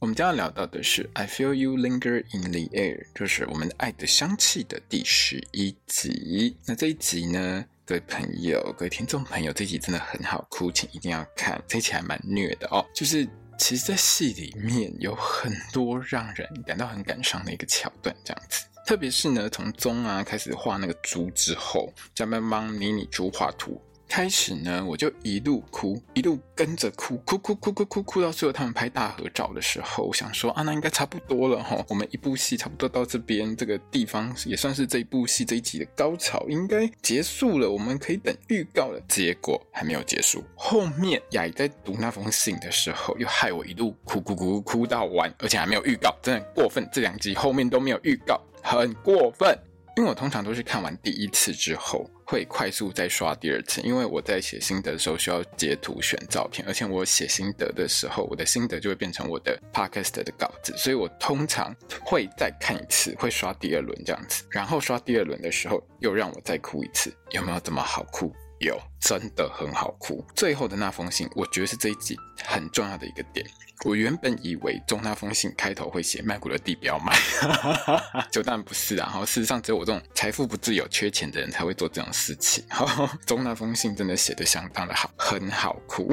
我們將要聊到的是《I Feel You Linger in the Air》，就是我們的愛的香氣的第十一集。那這一集呢，各位朋友、各位聽眾朋友，這集真的很好哭，請一定要看。這一集還蠻虐的哦，就是其實，在戲裡面有很多讓人感到很感傷的一個橋段，這樣子。特別是呢，從中啊開始畫那個豬之後，家班幫妮妮豬畫圖。開始呢，我就一路哭，一路跟着哭，哭哭哭哭哭哭，到最後他們拍大合照的時候，我想說啊，那應該差不多了齁，我們一部戲差不多到這邊這個地方，也算是這一部戲這一集的高潮，應該結束了，我們可以等預告了。結果還沒有結束，後面雅怡在讀那封信的時候，又害我一路哭哭哭哭,哭到完，而且還沒有預告，真的很過分。這兩集後面都沒有預告，很過分。因為我通常都是看完第一次之後。會快速再刷第二次，因為我在寫心得的時候需要截圖選照片，而且我寫心得的時候，我的心得就會變成我的 podcast 的稿子，所以我通常會再看一次，會刷第二輪這樣子。然後刷第二輪的時候，又讓我再哭一次，有沒有這麼好哭？有，真的很好哭。最後的那封信，我覺得是這一集很重要的一個點。我原本以為中那封信開頭會寫曼谷的地標哈 就當然不是啊。然、哦、後事實上，只有我這種財富不自由、缺錢的人才會做這種事情。哈、哦，中那封信真的寫得相當的好，很好哭，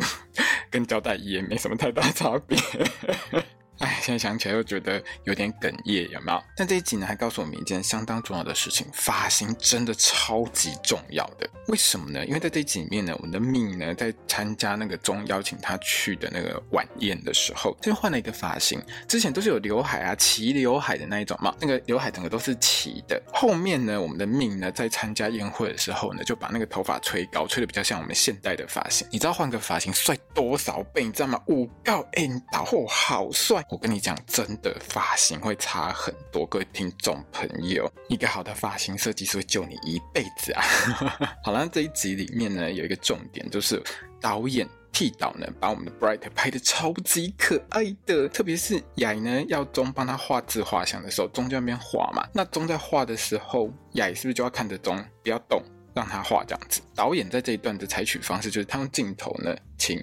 跟交代遺言沒什麼太大差別。 哎，現在想起來又覺得有點哽咽，有沒有？但這一集呢，還告訴我們一件相當重要的事情：髮型真的超級重要的。為什麼呢？因為在這一集裡面呢，我們的命呢，在參加那個鍾邀請他去的那個晚宴的時候，先換了一個髮型，之前都是有劉海啊、齊劉海的那一種嘛，那個劉海整個都是齊的。後面呢，我們的命呢，在參加宴會的時候呢，就把那個頭髮吹高，吹得比較像我們現代的髮型。你知道換個髮型帥多少倍，你知道嗎？我、嗯、告、哎、你，倒好帥！我跟你講，真的髮型會差很多，各位聽眾朋友，一個好的髮型設計師會救你一輩子啊！ 好啦，這一集裡面呢，有一個重點就是導演替導呢，把我們的 Bright 拍得超級可愛的，特別是雅呢，要鍾幫他畫自畫像的時候，鍾在那邊畫嘛，那鍾在畫的時候，雅是不是就要看着鍾不要動，讓他畫這樣子？導演在這一段的採取方式就是他用鏡頭呢，請。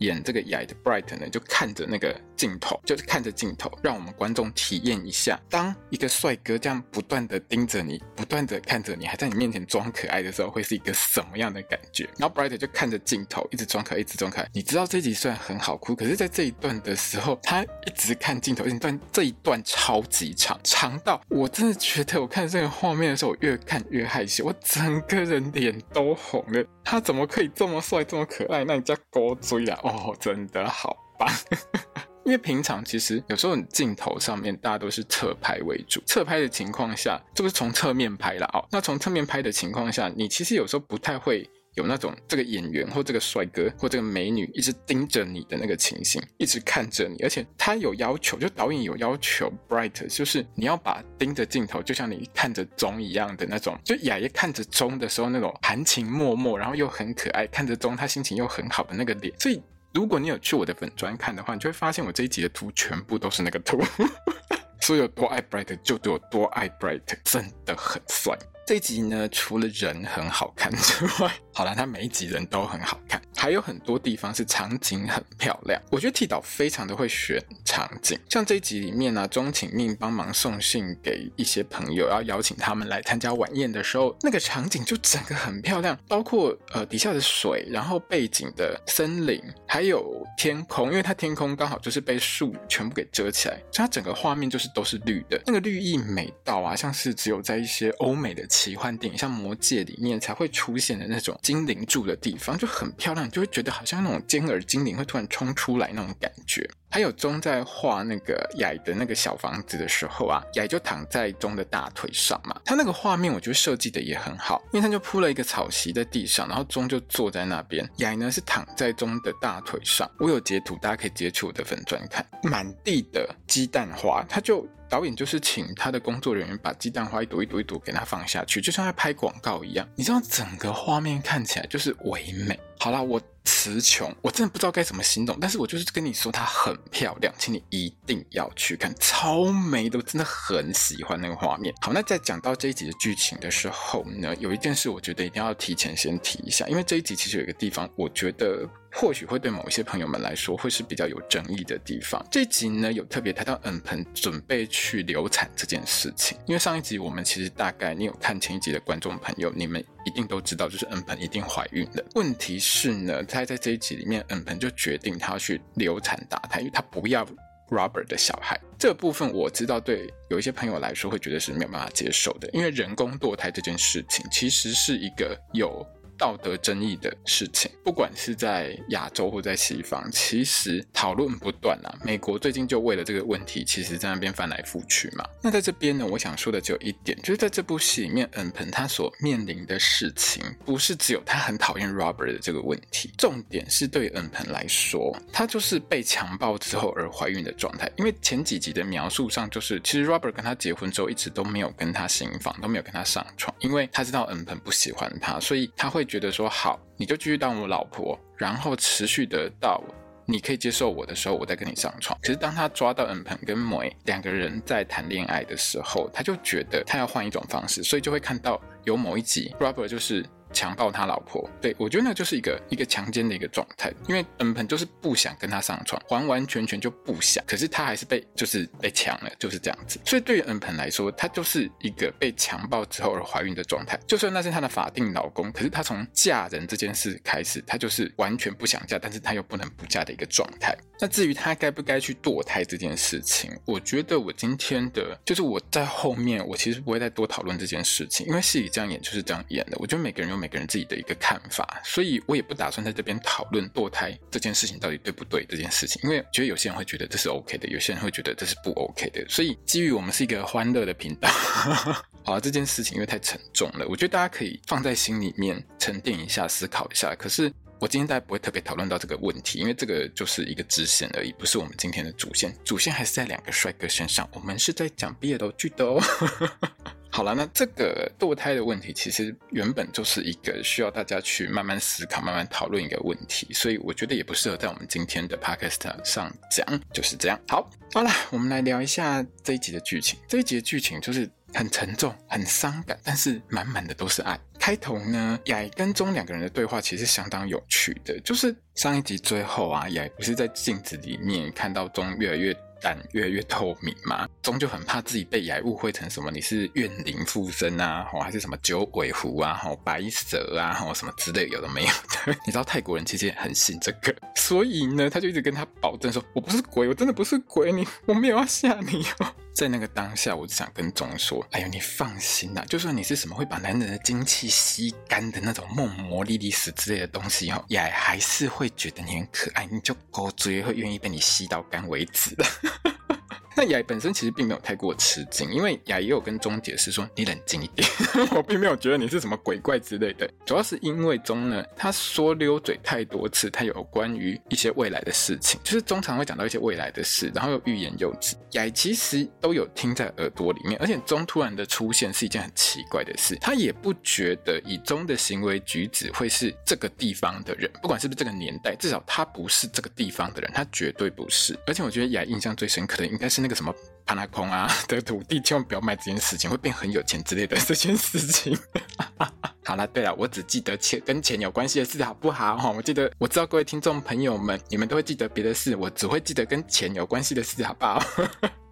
演這個 Yai 的 Bright 呢，就看着那個鏡頭，就是看着鏡頭，讓我們觀眾體驗一下，當一個帥哥這樣不斷的盯着你，不斷的看着你，還在你面前裝可愛的時候，會是一個什麼樣的感覺？然後 Bright 就看着鏡頭，一直裝可愛，一直裝可愛。你知道這一集雖然很好哭，可是在這一段的時候，他一直看鏡頭，這段這一段超級長，長到我真的覺得我看這個畫面的時候，我越看越害羞，我整個人臉都紅了。他怎麼可以這麼帥，這麼可愛？那你家狗追啊！哦，真的好棒。 因為平常其實有時候你鏡頭上面大家都是側拍為主，側拍的情況下就是從側面拍啦。哦。那從側面拍的情況下，你其實有時候不太會有那種這個演員或這個帥哥或這個美女一直盯着你的那個情形，一直看着你，而且他有要求，就導演有要求，Bright 就是你要把盯着鏡頭，就像你看着鍾一樣的那種，就雅爺看着鍾的時候那種含情脈脈，然後又很可愛，看着鍾他心情又很好的那個臉，所以。如果你有去我的粉專看的話，你就會發現我這一集的圖全部都是那個圖， 所以有多愛 Bright 就有多愛 Bright，真的很帥。這一集呢，除了人很好看之外，好啦，他每一集人都很好看，還有很多地方是場景很漂亮。我覺得剃導非常的會選場景，像這一集裡面呢、啊，鍾晴命幫忙送信給一些朋友，要邀請他們來參加晚宴的時候，那個場景就整個很漂亮，包括呃底下的水，然後背景的森林，還有天空，因為它天空剛好就是被樹全部給遮起來，所以它整個畫面就是都是綠的，那個綠意美到啊，像是只有在一些歐美的奇幻電影，像《魔戒》裡面才會出現的那種。精靈住的地方就很漂亮，就會覺得好像那種尖耳精靈會突然衝出來那種感覺。還有鍾在畫那個雅的那個小房子的時候啊，雅就躺在鍾的大腿上嘛。他那個畫面我覺得設計的也很好，因為他就鋪了一個草席在地上，然後鍾就坐在那邊，雅呢是躺在鍾的大腿上。我有截圖，大家可以截取我的粉專看。滿地的雞蛋花，他就導演就是請他的工作人員把雞蛋花一朵一朵一朵給他放下去，就像在拍廣告一樣。你知道整個畫面看起來就是唯美。好啦，我詞窮，我真的不知道該怎麼形容，但是我就是跟你說它很漂亮，請你一定要去看，超美的，我真的很喜歡那個畫面。好，那在講到這一集的劇情的時候呢，有一件事我覺得一定要提前先提一下，因為這一集其實有一個地方，我覺得。或許會對某些朋友們來說，會是比較有爭議的地方。這集呢，有特別談到恩鵬準備去流產這件事情，因為上一集我們其實大概，你有看前一集的觀眾朋友，你們一定都知道，就是恩鵬一定懷孕了。問題是呢，他在這一集裡面，恩鵬就決定他要去流產打胎，因為他不要 Robert 的小孩。這個部分我知道，對有一些朋友來說會覺得是沒有辦法接受的，因為人工墮胎這件事情其實是一個有。道德爭議的事情，不管是在亞洲或在西方，其實討論不斷啊。美國最近就為了這個問題，其實在那邊翻來覆去嘛。那在這邊呢，我想說的只有一點，就是在這部戲裡面，恩鵬他所面臨的事情，不是只有他很討厭 Robert 的這個問題。重點是對恩鵬來說，他就是被強暴之後而懷孕的狀態。因為前幾集的描述上，就是其實 Robert 跟他結婚之後，一直都沒有跟他行房，都沒有跟他上床，因為他知道恩鵬不喜歡他，所以他會。覺得說，好，你就繼續當我老婆，然後持續得到你可以接受我的時候，我再跟你上床。可是當他抓到恩鵬跟梅兩個人在談戀愛的時候，他就覺得他要換一種方式，所以就會看到有某一集 Rubber 就是強暴他老婆，對，我覺得那就是一個一個強姦的一個狀態，因為恩鵬就是不想跟他上床，完完全全就不想，可是他還是被就是被強了，就是這樣子。所以對於恩鵬來說，他就是一個被強暴之後而懷孕的狀態。就算那是他的法定老公，可是他從嫁人這件事開始，他就是完全不想嫁，但是他又不能不嫁的一個狀態。那至於他該不該去墮胎這件事情，我覺得我今天的就是我在後面，我其實不會再多討論這件事情，因為戲裡這樣演就是這樣演的。我覺得每個人用。每個人自己的一個看法，所以我也不打算在這邊討論墮胎這件事情到底對不對這件事情，因為覺得有些人會覺得這是 OK 的，有些人會覺得這是不 OK 的。所以基於我們是一個歡樂的頻道，好、 啊，這件事情因為太沉重了，我覺得大家可以放在心裡面沉澱一下，思考一下。可是我今天大概不會特別討論到這個問題，因為這個就是一個支線而已，不是我們今天的主線。主線還是在兩個帥哥身上，我們是在講 BL 劇的哦。 好啦，那這個墮胎的問題其實原本就是一個需要大家去慢慢思考、慢慢討論一個問題，所以我覺得也不適合在我們今天的 podcast 上講，就是這樣。好，好啦，我們來聊一下這一集的劇情。這一集的劇情就是很沉重、很傷感，但是滿滿的都是愛。開頭呢，雅跟鍾兩個人的對話其實相當有趣的，就是上一集最後啊，雅不是在鏡子裡面看到鍾越來越。但越來越透明嘛，終究很怕自己被也誤會成什麼，你是怨靈附身啊，好還是什麼九尾狐啊，好白蛇啊，好什麼之類，有的沒有的。你知道泰國人其實也很信這個，所以呢，他就一直跟他保證說：“我不是鬼，我真的不是鬼，你，我沒有要嚇你哦。”在那個當下，我就想跟總說，哎呦，你放心啦，就算你是什麼會把男人的精氣吸乾的那種夢魔、莉莉絲之類的東西哦，也還是會覺得你很可愛，你就夠追，會願意被你吸到乾為止的。 但雅本身其實並沒有太過吃驚，因為雅也有跟鍾解釋說：“你冷靜一點， 我並沒有覺得你是什麼鬼怪之類的。”主要是因為鍾呢，他說溜嘴太多次，他有關於一些未來的事情，就是鍾常會講到一些未來的事，然後又欲言又止。雅其實都有聽在耳朵裡面，而且鍾突然的出現是一件很奇怪的事，他也不覺得以鍾的行為舉止會是這個地方的人，不管是不是這個年代，至少他不是這個地方的人，他絕對不是。而且我覺得雅印象最深刻的應該是那個。這什麼？潘拉空啊的土地千萬不要賣。這件事情會變很有錢之類的這件事情。 好了，對了，我只記得錢跟錢有關係的事好不好哈？我記得我知道各位聽眾朋友們，你們都會記得別的事，我只會記得跟錢有關係的事好不好？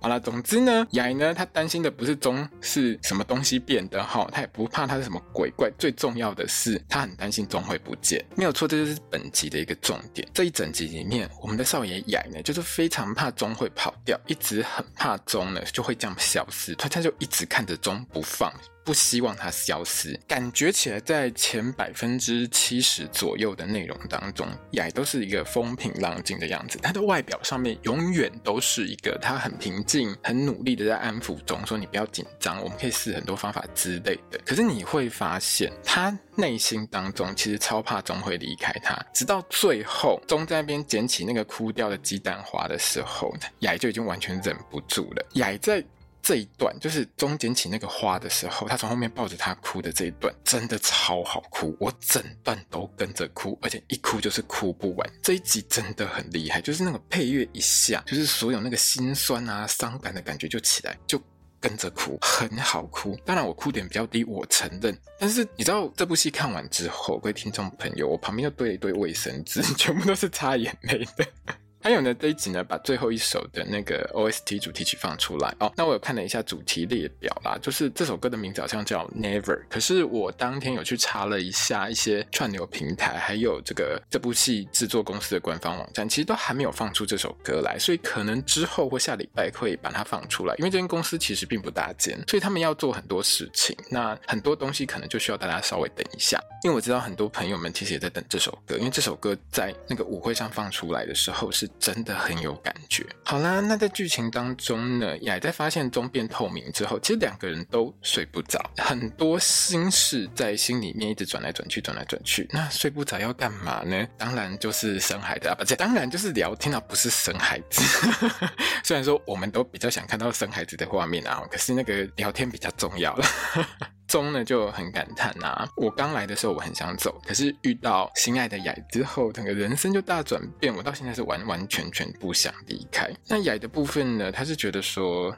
好了，總之呢，雅呢他擔心的不是鐘是什麼東西變的哈，他也不怕他是什麼鬼怪，最重要的是他很擔心鐘會不見，沒有錯，這就是本集的一個重點。這一整集裡面，我們的少爺雅呢，就是非常怕鐘會跑掉，一直很怕鐘。鐘呢就會這樣消失，他他就一直看着鐘不放。不希望它消失，感覺起來在前百分之七十左右的內容當中，雅都是一個風平浪靜的樣子。它的外表上面永遠都是一個，它很平靜、很努力的在安撫中，說你不要緊張，我們可以試很多方法之類的。可是你會發現，他內心當中其實超怕中會離開他。直到最後，中在那邊撿起那個枯掉的雞蛋花的時候，雅就已經完全忍不住了。雅在。這一段就是中間起那個花的時候，他從後面抱着他哭的這一段，真的超好哭，我整段都跟着哭，而且一哭就是哭不完。這一集真的很厲害，就是那個配樂一下，就是所有那個心酸啊、傷感的感覺就起來，就跟着哭，很好哭。當然我哭點比較低，我承認，但是你知道這部戲看完之後，各位聽眾朋友，我旁邊又堆了一堆衛生紙，全部都是擦眼淚的。還有呢，這一集呢，把最後一首的那個 OST 主題曲放出來哦。那我有看了一下主題列表啦，就是這首歌的名字好像叫 Never。可是我當天有去查了一下一些串流平台，還有這個這部戲製作公司的官方網站，其實都還沒有放出這首歌來。所以可能之後或下禮拜會把它放出來，因為這間公司其實並不大間，所以他們要做很多事情。那很多東西可能就需要大家稍微等一下，因為我知道很多朋友們其實也在等這首歌，因為這首歌在那個舞會上放出來的時候是。真的很有感覺。好啦，那在劇情當中呢，雅在發現鐘變透明之後，其實兩個人都睡不着，很多心事在心裡面一直轉來轉去，轉來轉去。那睡不着要幹嘛呢？當然就是生孩子啊，這當然就是聊天啊，不是生孩子。 雖然說我們都比較想看到生孩子的畫面啊，可是那個聊天比較重要了。 中呢就很感嘆吶、啊，我剛來的時候我很想走，可是遇到心愛的雅之後，整個人生就大轉變，我到現在是完完全全不想離開。那雅的部分呢，他是覺得說。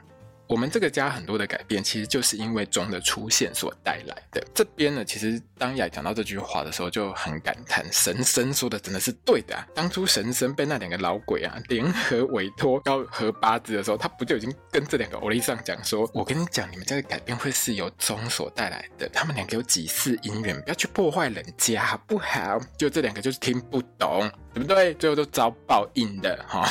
我們這個家很多的改變，其實就是因為宗的出現所帶來的。這邊呢，其實當雅講到這句話的時候，就很感嘆，神生說的真的是對的啊。當初神生被那兩個老鬼啊聯合委托要合八字的時候，他不就已經跟這兩個歐力上講說：“我跟你講，你們家的改變會是由宗所帶來的。他們兩個有幾世姻緣，不要去破壞人家，好不好？”就這兩個就是聽不懂，對不對？最後都遭報應的，哈。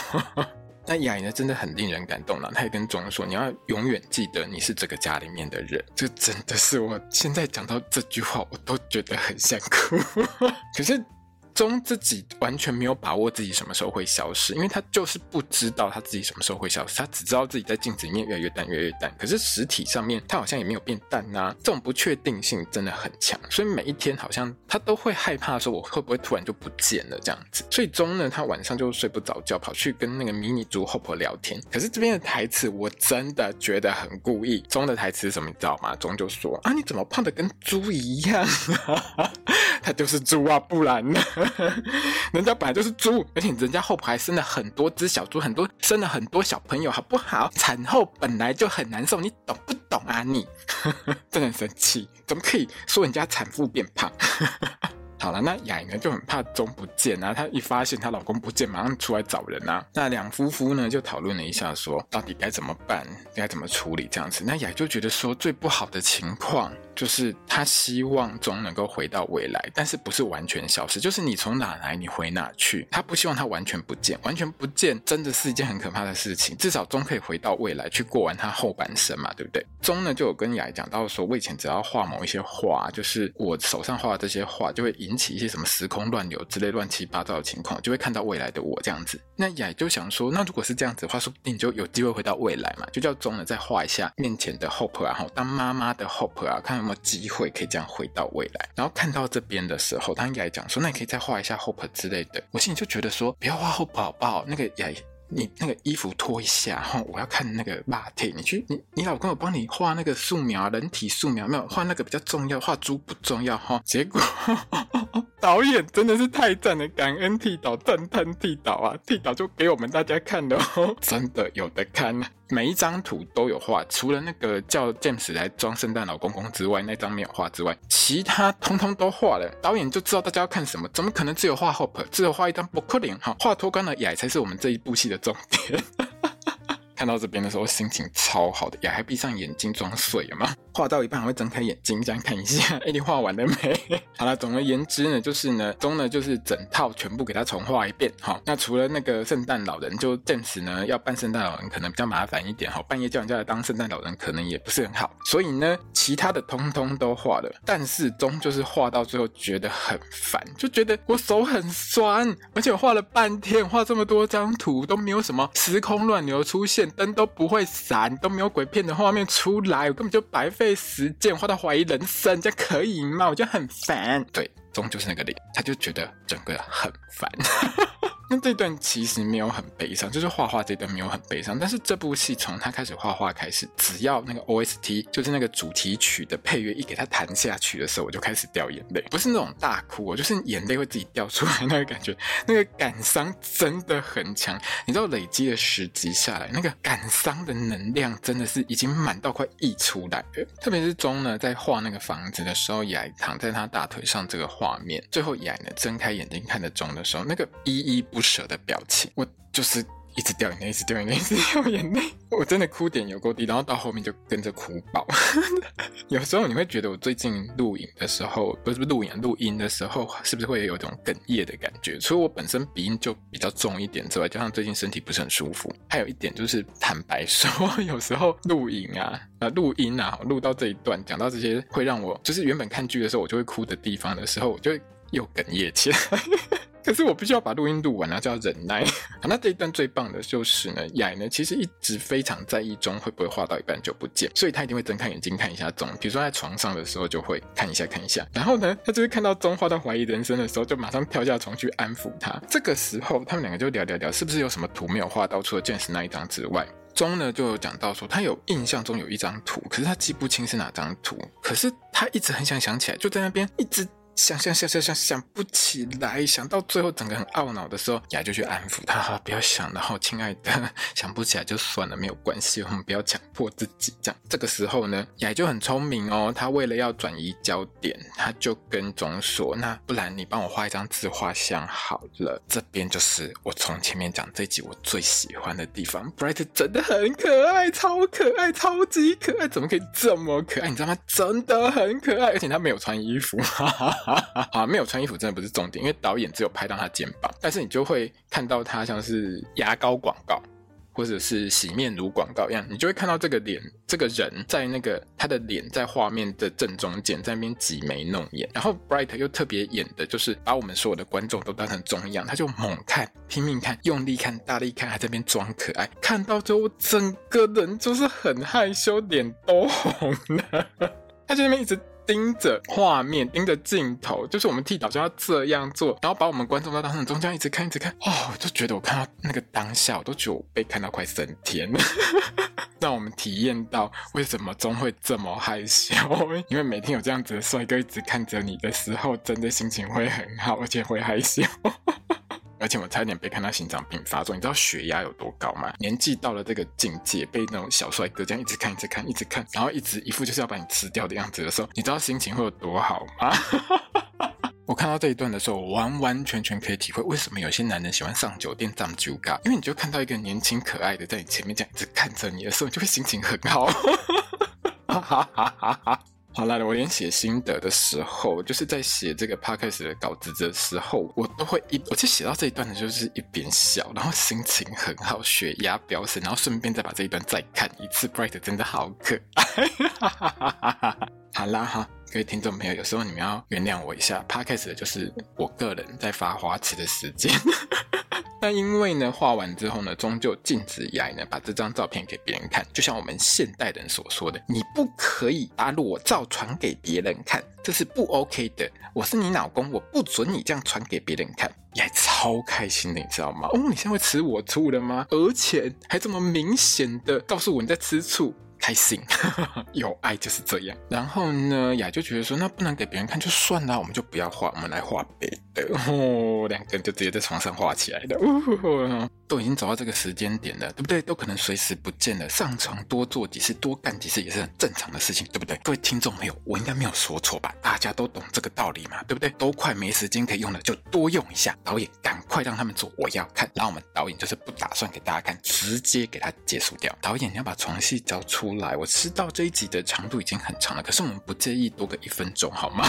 那雅瑩呢？真的很令人感動了。他也跟鍾說：“你要永遠記得你是這個家裡面的人。”這真的是我現在講到這句話，我都覺得很想哭。 可是。鐘自己完全沒有把握自己什麼時候會消失，因為他就是不知道他自己什麼時候會消失，他只知道自己在鏡子裡面越來越淡，越來越淡。可是實體上面他好像也沒有變淡啊，這種不確定性真的很強，所以每一天好像他都會害怕說，我會不會突然就不見了這樣子。所以鐘呢，他晚上就睡不着覺，跑去跟那個迷你豬後婆聊天。可是這邊的台詞我真的覺得很故意，鐘的台詞是什麼？你知道嗎？鐘就說啊，你怎麼胖得跟豬一樣啊？ 他就是豬啊，不然呢？ 人家本來就是豬，而且人家後排生了很多隻小豬，很多生了很多小朋友，好不好？產後本來就很難受，你懂不懂啊你？你 真的很生氣，怎麼可以說人家產婦變胖？ 好了，那雅呢就很怕鍾不見啊，她一發現她老公不見，馬上出來找人啊。那兩夫婦呢就討論了一下說，說到底該怎麼辦，該怎麼處理這樣子。那雅就覺得說最不好的情況就是她希望鍾能夠回到未來，但是不是完全消失，就是你從哪來，你回哪去。她不希望他完全不見，完全不見真的是一件很可怕的事情。至少鍾可以回到未來去過完他後半生嘛，對不對？鍾呢就有跟雅講到說，以前只要畫某一些畫，就是我手上畫的這些畫，就會引。引起一些什麼時空亂流之類亂七八糟的情況，就會看到未來的我這樣子。那雅就想說，那如果是這樣子的話，說不定你就有機會回到未來嘛，就叫中了再畫一下面前的 hope 啊，然後當媽媽的 hope 啊，看看有沒有機會可以這樣回到未來。然後看到這邊的時候，他跟雅講說，那你可以再畫一下 hope 之類的。我心裡就覺得說，不要畫 hope 好不好？那個雅。你那個衣服脫一下，哈、哦，我要看那個馬蹄。你去，你你老公有幫你畫那個素描，人體素描沒有？畫那個比較重要，畫豬不重要，哈、哦。結果呵呵導演真的是太讚了，感恩剃導，讚嘆剃導啊，剃導就給我們大家看了、哦，真的有得看、啊。每一張圖都有畫，除了那個叫 James 來裝聖誕老公公之外，那張沒有畫之外，其他通通都畫了。導演就知道大家要看什麼，怎麼可能只有畫 Hope，只有畫一張撲克臉哈，畫脫光的 Yai 才是我們這一部戲的重點。看到這邊的時候，心情超好的，呀，還閉上眼睛裝睡了嗎？畫到一半還會睜開眼睛這樣看一下，哎、欸，你畫完了沒？好了，總而言之呢，就是呢，鍾呢就是整套全部給它重畫一遍。齁，那除了那個聖誕老人，就暫時呢要扮聖誕老人可能比較麻煩一點。齁，半夜叫人家來當聖誕老人可能也不是很好，所以呢，其他的通通都畫了，但是鍾就是畫到最後覺得很煩，就覺得我手很酸，而且我畫了半天，畫這麼多張圖都沒有什麼時空亂流出現。燈都不會閃，都沒有鬼片的畫面出來，我根本就白費時間，畫到懷疑人生，這樣可以嗎？我就很煩。對。鍾就是那個臉，他就覺得整個很煩。 那這段其實沒有很悲傷，就是畫畫這段沒有很悲傷。但是這部戲從他開始畫畫開始，只要那個 OST，就是那個主題曲的配樂一給他彈下去的時候，我就開始掉眼淚。不是那種大哭、哦，我就是眼淚會自己掉出來那個感覺，那個感傷真的很強。你知道累積了十集下來，那個感傷的能量真的是已經滿到快溢出來了。特別是鍾呢，在畫那個房子的時候，也躺在他大腿上這個。畫面最後眼，眼睜開眼睛看着鍾的時候，那個依依不捨的表情，我就是。一直掉眼淚，一直掉眼淚，一直掉眼淚。我真的哭點有夠低，然後到後面就跟着哭爆。 有時候你會覺得我最近錄影的時候，不是不是錄影啊、錄音的時候，是不是會有一種哽咽的感覺？除了我本身鼻音就比較重一點之外，加上最近身體不是很舒服，還有一點就是坦白說，有時候錄影啊、啊、錄音啊，我錄到這一段，講到這些會讓我就是原本看劇的時候我就會哭的地方的時候，我就又哽咽起來。 可是我必須要把錄音錄完，啊，那就要忍耐。 好，那這一段最棒的就是呢，雅呢其實一直非常在意鍾會不會畫到一半就不見，所以他一定會睜開眼睛看一下鍾。比如說在床上的時候就會看一下看一下。然後呢，他就會看到鍾畫到懷疑人生的時候，就馬上跳下床去安撫他。這個時候他們兩個就聊聊聊，是不是有什麼圖沒有畫到？除了見識那一張之外，鍾呢就講到說他有印象中有一張圖，可是他記不清是哪張圖，可是他一直很想想起來，就在那邊一直。想想想想想想不起來，想到最後整個很懊惱的時候，雅就去安撫他，不要想，然後親愛的，想不起來就算了，沒有關係，我們不要強迫自己。這樣，這個時候呢，雅就很聰明哦，他為了要轉移焦點，他就跟總說：「那，不然你幫我畫一張自畫像好了。」這邊就是我從前面講這集我最喜歡的地方，Bright 真的很可愛，超可愛，超級可愛，怎麼可以這麼可愛？你知道嗎？真的很可愛，而且他沒有穿衣服。哈哈哈哈。 啊，沒有穿衣服真的不是重點，因為導演只有拍到他肩膀，但是你就會看到他像是牙膏廣告或者是洗面乳廣告一樣，你就會看到這個臉，這個人在那個他的臉在畫面的正中間，在那邊擠眉弄眼。然後 Bright 又特別演的就是把我們所有的觀眾都當成中一樣，他就猛看，拼命看，用力看，大力看，還在邊裝可愛。看到之後，整個人就是很害羞，臉都紅了。 他就那邊一直。盯着畫面，盯着鏡頭，就是我們 Tee 導就要這樣做，然後把我們觀眾都當成中間，這樣一直看，一直看。哦，我就覺得我看到那個當下，我都覺得我被看到快升天了。 讓我們體驗到為什麼鍾會這麼害羞，因為每天有這樣子的帥哥一直看着你的時候，真的心情會很好，而且會害羞。而且我差一點被看到心臟病發作，你知道血壓有多高嗎？年紀到了這個境界，被那種小帥哥這樣一直看、一直看、一直看，然後一直一副就是要把你吃掉的樣子的時候，你知道心情會有多好嗎？ 我看到這一段的時候，我完完全全可以體會為什麼有些男人喜歡上酒店長竹竿，因為你就看到一個年輕可愛的在你前面這樣一直看着你的時候，你就會心情很好。 好啦，我連寫心得的時候，就是在寫這個 podcast 的稿子的時候，我都會一，我就寫到這一段的就是一邊笑，然後心情很好，血壓飆升，然後順便再把這一段再看一次。Bright 真的好可愛。哈哈哈哈哈哈，好啦，哈，各位聽眾朋友，有時候你們要原諒我一下，podcast 的就是我個人在發花痴的時間。 那因為呢，畫完之後呢，終究禁止雅呢把這張照片給別人看，就像我們現代人所說的，你不可以把裸照傳給別人看，這是不 OK 的。我是你老公，我不准你這樣傳給別人看。雅超開心的，你知道嗎？哦，你現在會吃我醋了嗎？而且還這麼明顯的告訴我你在吃醋，開心， 有愛就是這樣。然後呢，雅就覺得說，那不能給別人看就算了，我們就不要畫，我們來畫唄。哦，兩個人就直接在床上畫起來的。了、哦哦哦。都已經走到這個時間點了，對不對？都可能隨時不見了，上床多做幾次，多幹幾次也是很正常的事情，對不對？各位聽眾朋友，我應該沒有說錯吧？大家都懂這個道理嘛，對不對？都快沒時間可以用了，就多用一下。導演，趕快讓他們做，我要看。然後我們導演就是不打算給大家看，直接給他結束掉。導演你要把床戲找出來。我知道這一集的長度已經很長了，可是我們不介意多個一分鐘，好嗎？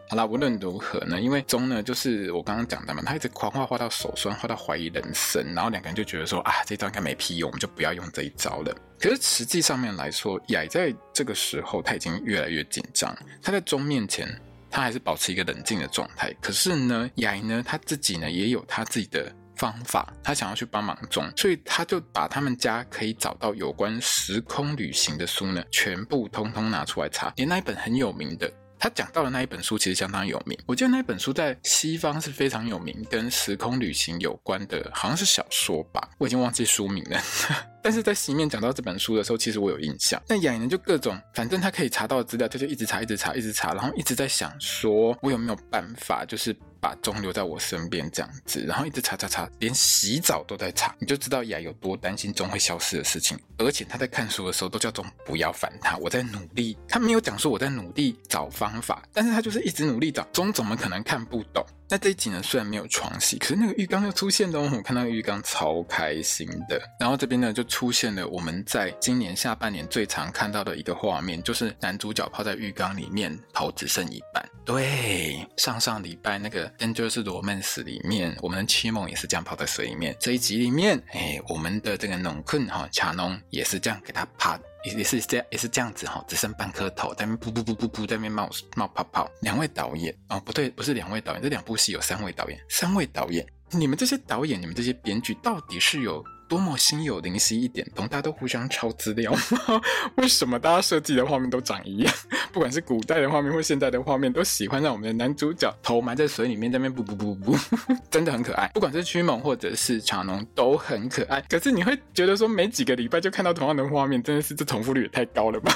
好啦，無論如何呢，因為鐘呢，就是我剛剛講的嘛，他一直狂畫畫到手酸，畫到懷疑人生，然後兩個人就覺得說，啊，這一招應該沒屁用，我們就不要用這一招了。可是實際上面來說，雅在這個時候他已經越來越緊張，他在鐘面前，他還是保持一個冷靜的狀態。可是呢，雅呢，他自己呢，也有他自己的方法，他想要去幫忙鐘，所以他就把他們家可以找到有關時空旅行的書呢，全部通通拿出來查，連那一本很有名的。他講到的那一本書其實相當有名，我記得那本書在西方是非常有名，跟時空旅行有關的，好像是小說吧，我已經忘記書名了。 但是在西面講到這本書的時候，其實我有印象。那演員就各種，反正他可以查到的資料，他就一直查，一直查，一直查，然後一直在想，說我有沒有辦法，就是。把鐘留在我身邊這樣子，然後一直查查查，連洗澡都在查，你就知道雅有多擔心鐘會消失的事情。而且他在看書的時候都叫鐘不要煩他，我在努力。他沒有講說我在努力找方法，但是他就是一直努力找，鐘怎麼可能看不懂？那這一集呢，雖然沒有床戲，可是那個浴缸又出現哦，我看到浴缸超開心的。然後這邊呢，就出現了我們在今年下半年最常看到的一個畫面，就是男主角泡在浴缸裡面，頭只剩一半。對，上上禮拜那個。但就是羅曼史裡面，我們的七夢也是這樣泡在水裡面。這一集裡面，哎、欸，我們的這個農困哈卡農也是這樣給他泡，也也是這樣，也是這樣子哈，只剩半顆頭，在那邊噗噗噗噗噗，在那邊冒冒泡泡、泡。兩位導演哦，不對，不是兩位導演，這兩部戲有三位導演，三位導演，你們這些導演，你們這些編劇到底是有？多麼心有靈犀一點通，大家都互相抄資料嗎？ 為什麼大家設計的畫面都長一樣？不管是古代的畫面或現代的畫面，都喜歡讓我們的男主角頭埋在水裡面，在那邊噗噗噗，噗， 真的很可愛。不管是驅猛或者是長龍都很可愛。可是你會覺得說，每幾個禮拜就看到同樣的畫面，真的是這重複率也太高了吧？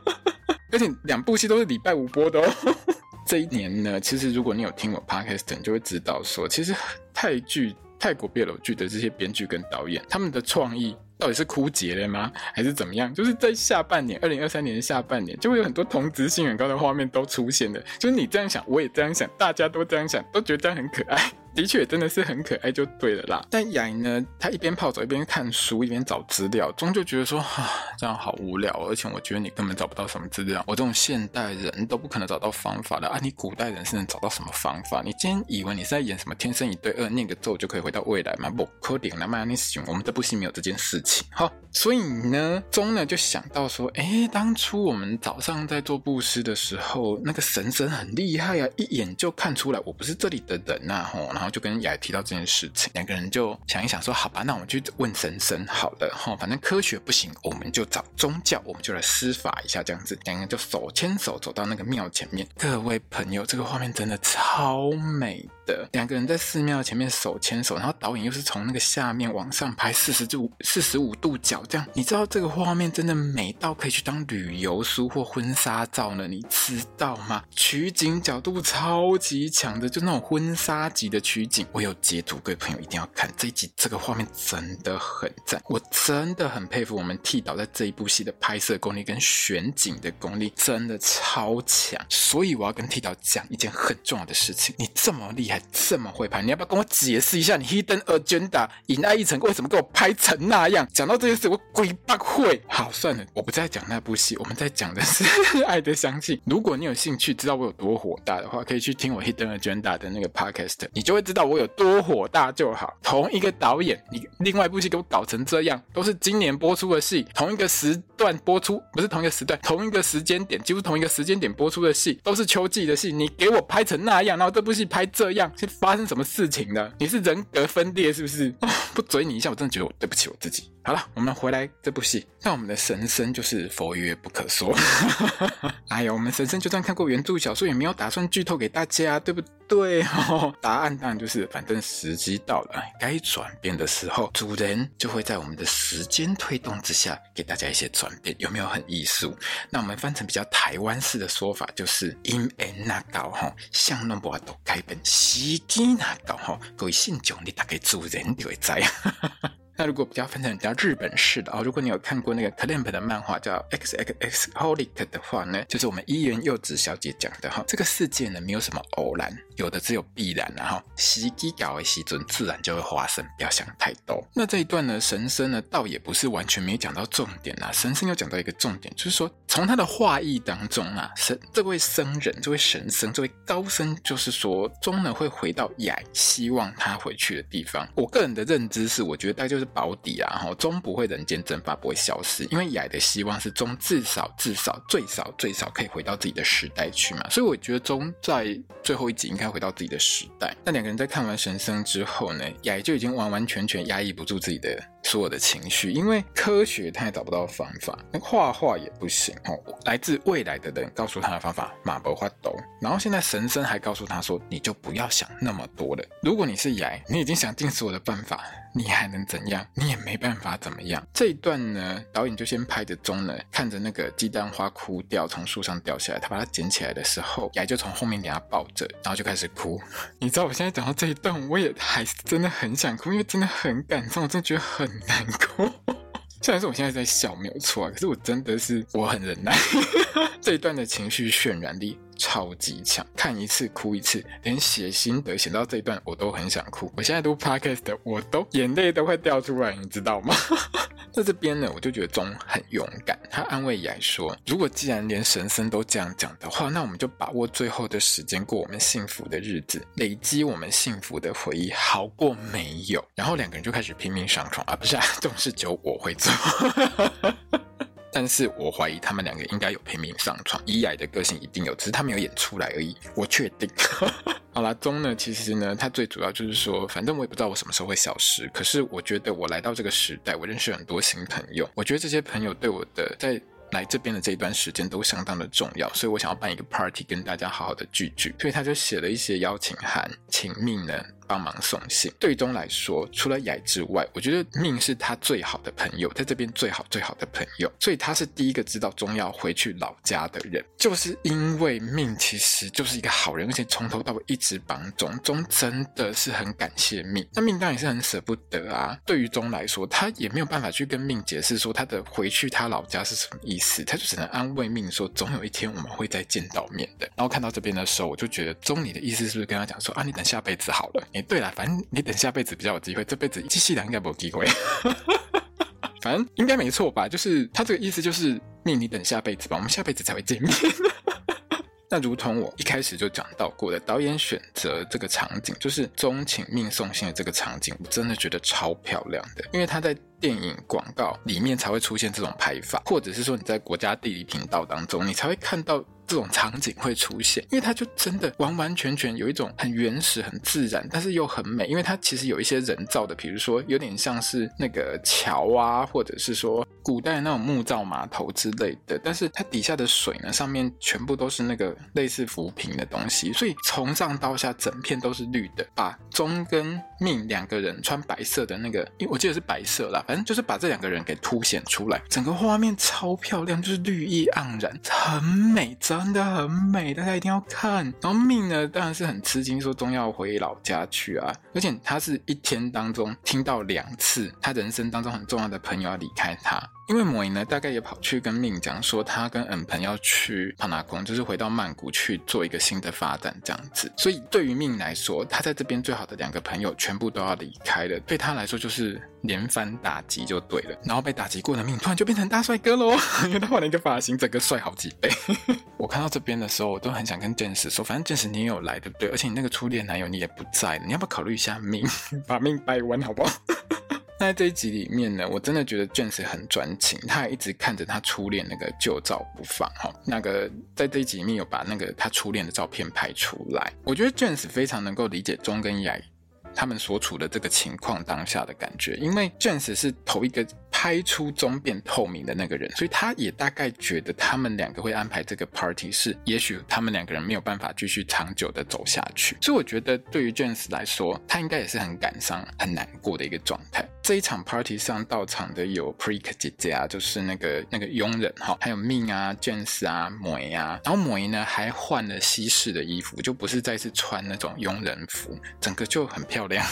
而且兩部戲都是禮拜五播的。哦。 這一年呢，其實如果你有聽我 podcast 就會知道說，其實泰劇。太泰國 BL 劇的這些編劇跟導演，他們的創意到底是枯竭了嗎？還是怎麼樣？就是在下半年，二零二三年的下半年，就會有很多同質性很高的畫面都出現了。就是你這樣想，我也這樣想，大家都這樣想，都覺得這樣很可愛。的確，真的是很可愛，就對了啦。但雅瑩呢，他一邊泡澡，一邊看書，一邊找資料。鍾就覺得說，啊，這樣好無聊，而且我覺得你根本找不到什麼資料。我這種現代人都不可能找到方法的啊！你古代人是能找到什麼方法？你竟然以為你是在演什麼天生一對二，念個咒就可以回到未來嗎？不可，可憐了麥你士兄，我們這部戲沒有這件事情。好，所以呢，鍾呢就想到說，哎、欸，當初我們早上在做布施的時候，那個神神很厲害啊，一眼就看出來我不是這裡的人啊，吼，然後。然後就跟雅雅提到這件事情，兩個人就想一想，說：“好吧，那我們去問神神好了。哈、哦，反正科學不行，我們就找宗教，我們就來施法一下。這樣子，兩個人就手牽手走到那個廟前面。各位朋友，這個畫面真的超美。”的兩個人在寺廟前面手牽手，然後導演又是從那個下面往上拍四十度、四十五度角，這樣你知道這個畫面真的美到可以去當旅遊書或婚紗照呢，你知道嗎？取景角度超級強的，就那種婚紗級的取景，我有截圖，各位朋友一定要看這一集，這個畫面真的很贊，我真的很佩服我們替導在這一部戲的拍攝功力跟選景的功力真的超強，所以我要跟替導講一件很重要的事情，你這麼厲害。還這麼會拍？你要不要跟我解釋一下？你《hidden agenda 引愛一城》為什麼給我拍成那樣？講到這件事，我鬼不會。好，算了，我不再講那部戲。我們在講的是 《愛的香氣》。如果你有興趣知道我有多火大的話，可以去聽我《hidden agenda 的那個 podcast，你就會知道我有多火大就好。同一個導演，你另外一部戲給我搞成這樣，都是今年播出的戲，同一個時段播出，不是同一個時段，同一個時間點，幾乎同一個時間點播出的戲，都是秋季的戲，你給我拍成那樣，然後這部戲拍這樣。是發生什麼事情呢？你是人格分裂是不是？哦，不嘴你一下，我真的覺得我對不起我自己。好啦，我們回來這部戲。那我們的神僧就是佛曰不可說。 哎呀，我們神僧就算看過原著小說，也沒有打算劇透給大家，對不對？哦，答案當然就是，反正時機到了，該轉變的時候，主人就會在我們的時間推動之下，給大家一些轉變，有沒有很藝術？那我們翻成比較台灣式的說法，就是 in 那道哈，像 none 不都該跟時機那道哈，各位信眾，你打給主人，你會在。那如果比較分成比較日本式的哦，如果你有看過那個 clamp 的漫畫叫《xxxholic》的話呢，就是我們壹原侑子小姐講的哈、哦。這個世界呢，沒有什麼偶然，有的只有必然，然後時機到的時候，自然就會發生，不要想太多。那這一段呢，神僧呢，倒也不是完全沒有講到重點啦。神僧又講到一個重點，就是說從他的話意當中啊，神這位僧人，這位神僧，這位高僧，就是說終呢會回到雅，希望他回去的地方。我個人的認知是，我覺得大概就是。保底啊，然後宗不會人間蒸發，不會消失，因為雅的希望是宗至少至少最少最少可以回到自己的時代去嘛，所以我覺得宗在最後一集應該回到自己的時代。那兩個人在看完《神生》之後呢，雅就已經完完全全壓抑不住自己的。所有的情緒，因為科學他也找不到方法，那畫畫也不行哦。來自未來的人告訴他的方法，馬伯花斗，然後現在神僧還告訴他說：“你就不要想那麼多了。如果你是雅，你已經想盡所有的辦法，你還能怎樣？你也沒辦法怎麼樣。”這一段呢，導演就先拍着中呢，看着那個雞蛋花枯掉，從樹上掉下來，他把它撿起來的時候，雅就從後面給他抱着，然後就開始哭。你知道我現在講到這一段，我也還是真的很想哭，因為真的很感動，我真的覺得很難過， 雖然是我現在在笑，沒有錯啊，可是我真的是我很忍耐 這一段的情緒渲染力。超級強，看一次哭一次，連寫心得寫到這一段我都很想哭。我現在讀 podcast 的，我都眼淚都快掉出來，你知道嗎？那 這邊呢，我就覺得鍾很勇敢，他安慰也說，如果既然連神僧都這樣講的話，那我們就把握最後的時間過我們幸福的日子，累積我們幸福的回憶，好過沒有？然後兩個人就開始拼命上床，啊，不是，啊，這種事只有我會做。 但是我懷疑他們兩個應該有拼命上床，依埃的個性一定有，只是他沒有演出來而已。我確定。 好啦。宗呢？其實呢，他最主要就是說，反正我也不知道我什麼時候會消失。可是我覺得我來到這個時代，我認識很多新朋友，我覺得這些朋友對我的在來這邊的這一段時間都相當的重要，所以我想要辦一個 party 跟大家好好的聚聚。所以他就寫了一些邀請函，請命呢。幫忙送信，對於鍾來說，除了雅之外，我覺得命是他最好的朋友，在這邊最好最好的朋友，所以他是第一個知道鍾要回去老家的人，就是因為命其實就是一個好人，而且從頭到尾一直幫鍾，鍾真的是很感謝命。那命當然也是很捨不得啊。對於鍾來說，他也沒有辦法去跟命解釋說他的回去他老家是什麼意思，他就只能安慰命說，總有一天我們會再見到面的。然後看到這邊的時候，我就覺得鍾，你的意思是不是跟他講說啊，你等下輩子好了。哎、欸，對了，反正你等下輩子比較有機會，這輩子一起戲的應該沒有機會。 反正應該沒錯吧？就是他這個意思，就是命你，你等下輩子吧，我們下輩子才會見面。 那如同我一開始就講到過的，導演選擇這個場景，就是鐘情命送信的這個場景，我真的覺得超漂亮的，因為他在電影廣告裡面才會出現這種拍法，或者是說你在國家地理頻道當中，你才會看到，這種場景會出現，因為它就真的完完全全有一種很原始，很自然，但是又很美。因為它其實有一些人造的，比如說有點像是那個橋啊，或者是說古代的那種木造碼頭之類的。但是它底下的水呢，上面全部都是那個類似浮萍的東西，所以從上到下整片都是綠的。把中跟命兩個人穿白色的那個，因為我記得是白色啦，反正就是把這兩個人給凸顯出來，整個畫面超漂亮，就是綠意盎然，很美。在真的很美，大家一定要看。然後命呢，當然是很吃驚，說終要回老家去啊。而且他是一天當中聽到兩次，他人生當中很重要的朋友要離開他。因為魔影呢，大概也跑去跟命講說，他跟恩鵬要去帕拿宮，就是回到曼谷去做一個新的發展這樣子。所以對於命來說，他在這邊最好的兩個朋友全部都要離開了，對他來說就是連番打擊就對了。然後被打擊過的命突然就變成大帥哥嘍，因為他換了一個髮型，整個帥好幾倍。 我看到這邊的時候，我都很想跟見識說，反正見識你也有來對不對？而且你那個初戀男友你也不在，你要不要考慮一下命，把命掰彎好不好？在這一集裡面呢，我真的覺得卷子很專情，他還一直看着他初戀那個舊照不放哈。那個在這一集裡面有把那個他初戀的照片拍出來，我覺得卷子非常能夠理解鐘跟雅他們所處的這個情況當下的感覺，因為卷子是頭一個拍出鐘變透明的那個人，所以他也大概覺得他們兩個會安排這個 party 是，也許他們兩個人沒有辦法繼續長久的走下去。所以我覺得對於卷子來說，他應該也是很感傷、很難過的一個狀態。這一場 party 上到場的有 Prick 姐姐啊，就是那個那個傭人哈，還有 Ming 啊、Jens 啊、Moey 啊，然後 Moey 呢還換了西式的衣服，就不是再次穿那種傭人服，整個就很漂亮。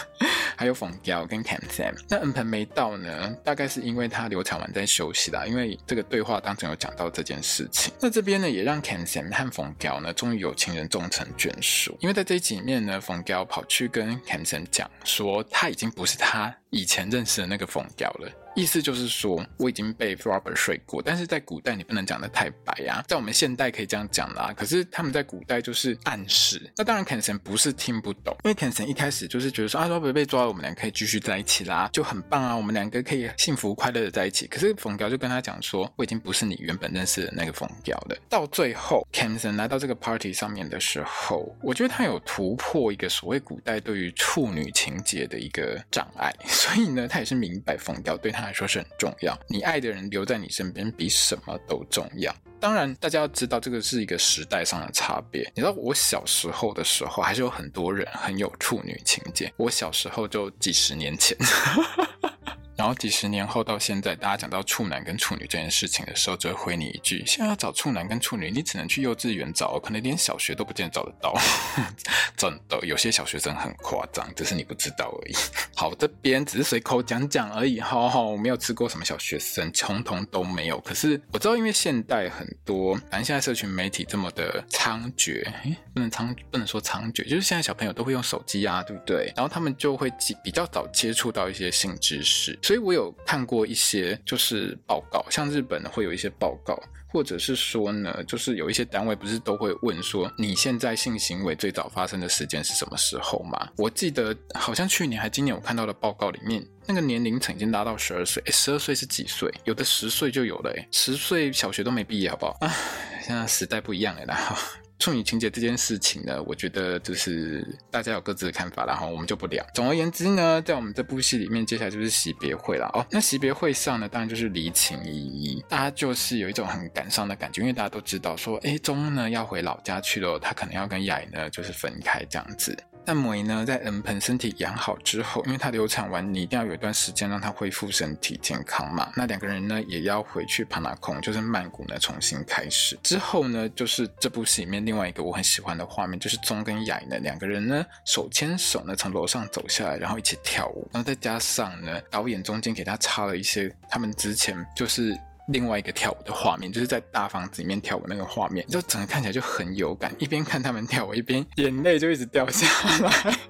還有馮嬌跟 Camsam。那恩盆沒到呢，大概是因為他流產完在休息啦，因為這個對話當中有講到這件事情。那這邊呢也讓 Camsam 和馮嬌呢終於有情人終成眷屬，因為在這一集裡面呢，馮嬌跑去跟 Camsam 講說他已經不是他。以前認識的那個瘋掉了。意思就是說，我已經被 Robert 睡過，但是在古代你不能講的太白呀，啊，在我們現代可以這樣講啦，啊。可是他們在古代就是暗示。那當然 Kenson 不是聽不懂，因為 Kenson 一開始就是覺得說，啊，Robert 被抓了，我們兩個可以繼續在一起啦，就很棒啊，我們兩個可以幸福快樂的在一起。可是馮彪就跟他講說，我已經不是你原本認識的那個馮彪了。到最後 Kenson 來到這個 party 上面的時候，我覺得他有突破一個所謂古代對於處女情結的一個障礙，所以呢，他也是明白馮彪對他。來說是很重要，你愛的人留在你身邊比什麼都重要。當然，大家要知道這個是一個時代上的差別。你知道我小時候的時候，還是有很多人很有處女情結。我小時候就幾十年前。 然後幾十年後到現在，大家講到處男跟處女這件事情的時候，就會回你一句：現在要找處男跟處女，你只能去幼稚園找，可能連小學都不見得找得到。 真的，有些小學生很誇張，只是你不知道而已。好，這邊只是隨口講講而已，好、哦、好，我沒有吃過什麼小學生，統統都沒有。可是我知道，因為現代很多，反正現在社群媒體這麼的猖獗，誒，不能猖，不能說猖獗，就是現在小朋友都會用手機啊，對不對？然後他們就會接比較早接觸到一些性知識。所以，我有看過一些就是報告，像日本會有一些報告，或者是說呢，就是有一些單位不是都會問說你現在性行為最早發生的時間是什麼時候嗎？我記得好像去年還今年我看到的報告裡面，那個年齡層已經拉到十二歲，欸，十二歲是幾歲？有的十歲就有了、欸，十歲小學都沒畢業，好不好、啊？現在時代不一樣了哎、欸，哈。處女情結這件事情呢，我覺得就是大家有各自的看法，然後我們就不聊。總而言之呢，在我們這部戲裡面，接下來就是惜別會了哦。那惜別會上呢，當然就是離情依依，大家就是有一種很感傷的感覺，因為大家都知道說，哎、欸，忠呢要回老家去了，他可能要跟雅呢就是分開這樣子。但梅呢，在恩鵬身體養好之後，因為他流產完，你一定要有一段時間讓他恢復身體健康嘛。那兩個人呢，也要回去帕拉空，就是曼谷呢，重新開始。之後呢，就是這部戲裡面另外一個我很喜歡的畫面，就是鍾跟雅怡呢兩個人呢手牽手呢從樓上走下來，然後一起跳舞。然後再加上呢，導演中間給他插了一些他們之前就是。另外一個跳舞的畫面，就是在大房子裡面跳舞那個畫面，就整個看起來就很有感。一邊看他們跳舞，一邊眼淚就一直掉下來。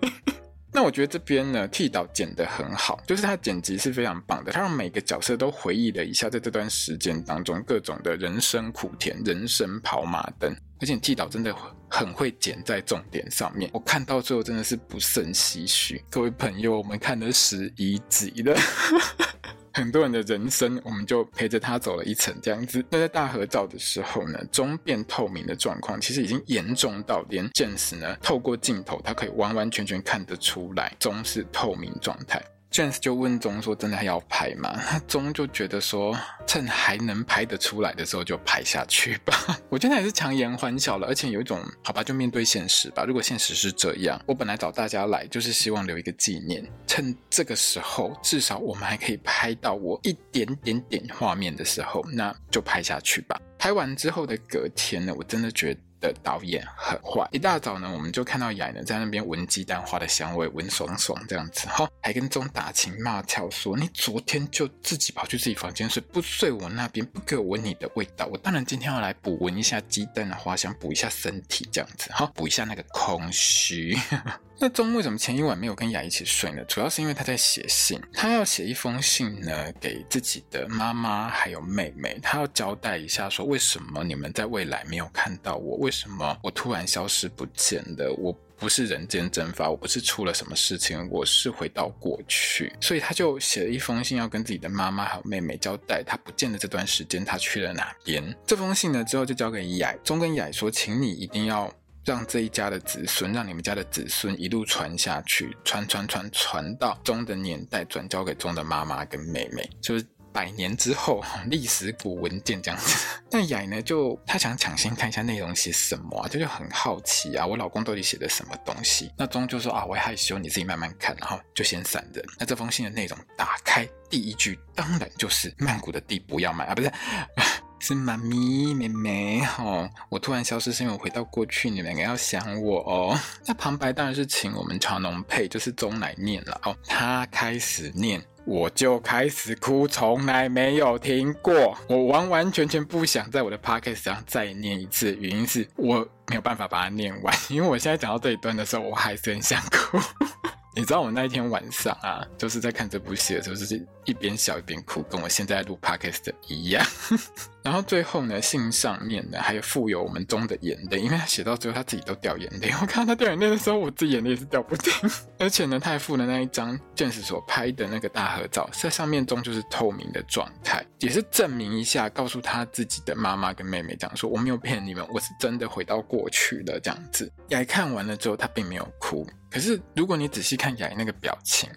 那我覺得這邊呢，剃導剪得很好，就是他剪輯是非常棒的，他讓每個角色都回憶了一下在這段時間當中各種的人生苦甜、人生跑馬燈。而且剃導真的很會剪在重點上面，我看到最後真的是不勝唏噓。各位朋友，我們看了十一集了。 很多人的人生，我們就陪着他走了一程這樣子。那在大合照的時候呢，中變透明的狀況，其實已經嚴重到連現實呢，透過鏡頭，他可以完完全全看得出來，中是透明狀態。Jens 就問鍾說：“真的還要拍嗎？”鍾就覺得說：“趁還能拍得出來的時候就拍下去吧。”我覺得也是強顏歡笑了，而且有一種好吧，就面對現實吧。如果現實是這樣，我本來找大家來就是希望留一個紀念，趁這個時候至少我們還可以拍到我一點點點畫面的時候，那就拍下去吧。拍完之後的隔天呢，我真的覺得。的導演很壞，一大早呢，我們就看到雅楠在那邊聞雞蛋花的香味，聞爽爽這樣子哈，還跟鍾打情罵俏，罵說你昨天就自己跑去自己房間睡，不睡我那邊，不給我聞你的味道，我當然今天要來補聞一下雞蛋的花香，補一下身體這樣子，哈，補一下那個空虛。 那宗為什麼前一晚沒有跟雅一起睡呢？主要是因為他在寫信，他要寫一封信呢給自己的媽媽還有妹妹，他要交代一下說為什麼你們在未來沒有看到我，為什麼我突然消失不見了？我不是人間蒸發，我不是出了什麼事情，我是回到過去，所以他就寫了一封信要跟自己的媽媽還有妹妹交代，他不見的這段時間他去了哪邊。這封信呢之後就交給雅，宗跟雅說，請你一定要。讓這一家的子孫，讓你們家的子孫一路傳下去，傳傳傳傳到宗的年代，轉交給宗的媽媽跟妹妹，就是百年之後歷史古文件這樣子。那雅呢，就他想搶先看一下內容寫什麼，就，就很好奇啊，我老公到底寫的什麼東西。那宗就說啊，我也害羞，你自己慢慢看，然後就先閃人。那這封信的內容，打開第一句當然就是曼谷的地不要買啊，不是。啊是媽咪妹妹哈、哦，我突然消失是因為我回到過去，你們應該要想我哦。那旁白當然是請我們長隆配，就是鍾來念了哦。他開始念，我就開始哭，從來沒有停過。我完完全全不想在我的 podcast 上再念一次，原因是我沒有辦法把它念完，因為我現在講到這一段的時候，我還是很想哭。 你知道我們那一天晚上啊，就是在看這部戲的時候，就是一邊笑一邊哭，跟我現在在錄 podcast 的一樣。 然後最後呢，信上面呢還有附有我們中的眼淚，因為他寫到最後他自己都掉眼淚。我看到他掉眼淚的時候，我自己眼淚也是掉不停。 而且呢，他還附的那一張正式所拍的那個大合照，在上面中就是透明的狀態，也是證明一下，告訴他自己的媽媽跟妹妹，講說我沒有騙你們，我是真的回到過去了這樣子。雅一看完了之後，他並沒有哭。可是如果你仔細看雅一那個表情，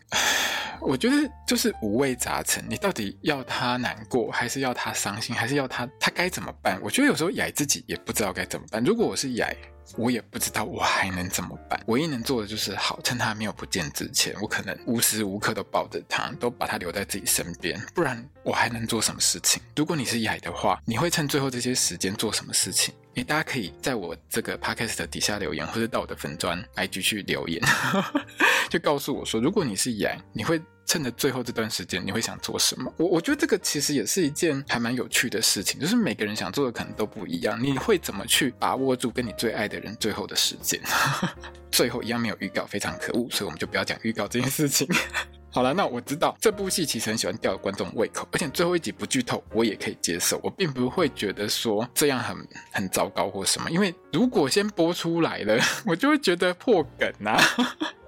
我覺得就是五味雜陳。你到底要他難過，還是要他傷心，還是要他？他該怎麼辦？我覺得有時候雅自己也不知道該怎麼辦。如果我是雅，我也不知道我還能怎麼辦。唯一能做的就是好，好趁他沒有不見之前，我可能無時無刻都抱着他，都把他留在自己身邊。不然我還能做什麼事情？如果你是雅的話，你會趁最後這些時間做什麼事情？哎，大家可以在我這個 podcast 底下留言，或者到我的粉專 IG 去留言，呵呵，就告訴我說，如果你是演，你會趁着最後這段時間，你會想做什麼？我我覺得這個其實也是一件還蠻有趣的事情，就是每個人想做的可能都不一樣，你會怎麼去把握住跟你最愛的人最後的時間？哈哈，最後一樣沒有預告，非常可惡，所以我們就不要講預告這件事情。 好啦，那我知道這部戲其實很喜歡吊觀眾胃口，而且最後一集不劇透，我也可以接受。我並不會覺得說這樣很很糟糕或什麼，因為如果先播出來了，我就會覺得破梗吶、啊。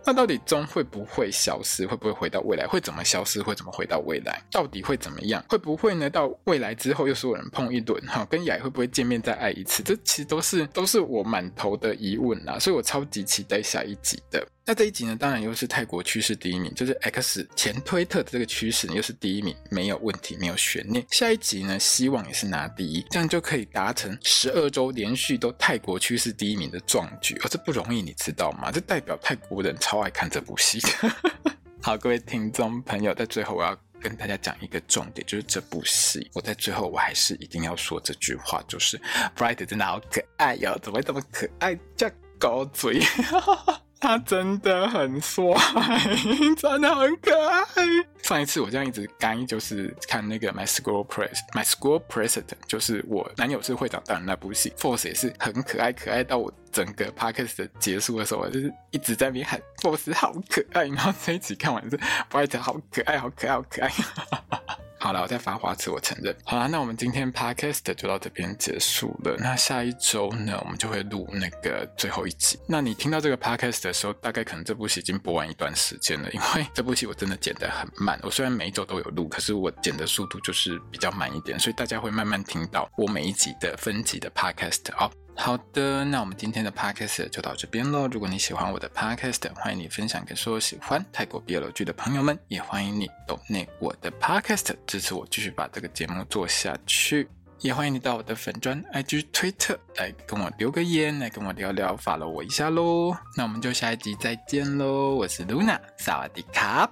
那到底鍾會不會消失？會不會回到未來？會怎麼消失？會怎麼回到未來？到底會怎麼樣？會不會呢？到未來之後又所有人碰一輪哈？跟雅，雅會不會見面再愛一次？這其實都是都是我滿頭的疑問啊。所以我超級期待下一集的。那這一集呢，當然又是泰國趨勢第一名，就是 X 前推特的這個趨勢呢又是第一名，沒有問題，沒有懸念。下一集呢，希望也是拿第一，這樣就可以達成十二周連續都泰國趨勢第一名的壯舉，而、哦、這不容易，你知道嗎？這代表泰國人超愛看這部戲。 好，各位聽眾朋友，在最後我要跟大家講一個重點，就是這部戲，我在最後我還是一定要說這句話，就是 Bright 真的好可愛喲、哦，怎麼會這麼可愛這麼，叫高嘴。他真的很帥，真的很可愛。上一次我這樣一直干，就是看那個《My School p r e s s My School President》，就是我男友是會長，大的那部戲 Force 也是很可愛，可愛到我整個 p a r k e s t 結束的時候，我就是一直在邊喊 Force 好可愛，然後在一起看完是 w r i t e 好可愛，好可愛，好可愛。 好了，我在發花痴，我承認。好了，那我們今天 podcast 就到這邊結束了。那下一周呢，我們就會錄那個最後一集。那你聽到這個 podcast 的時候，大概可能這部戲已經播完一段時間了，因為這部戲我真的剪得很慢。我雖然每一周都有錄，可是我剪的速度就是比較慢一點，所以大家會慢慢聽到我每一集的分集的 podcast 哦。好的，那我們今天的 podcast 就到這邊嘍。如果你喜歡我的 podcast，歡迎你分享給所有喜歡泰國 BL 劇的朋友們，也歡迎你 donate 我的 podcast 支持我繼續把這個節目做下去。也歡迎你到我的粉專、IG、推特來跟我留個言，來跟我聊聊，follow 我一下嘍。那我們就下一集再見嘍，我是 Luna 薩瓦迪卡。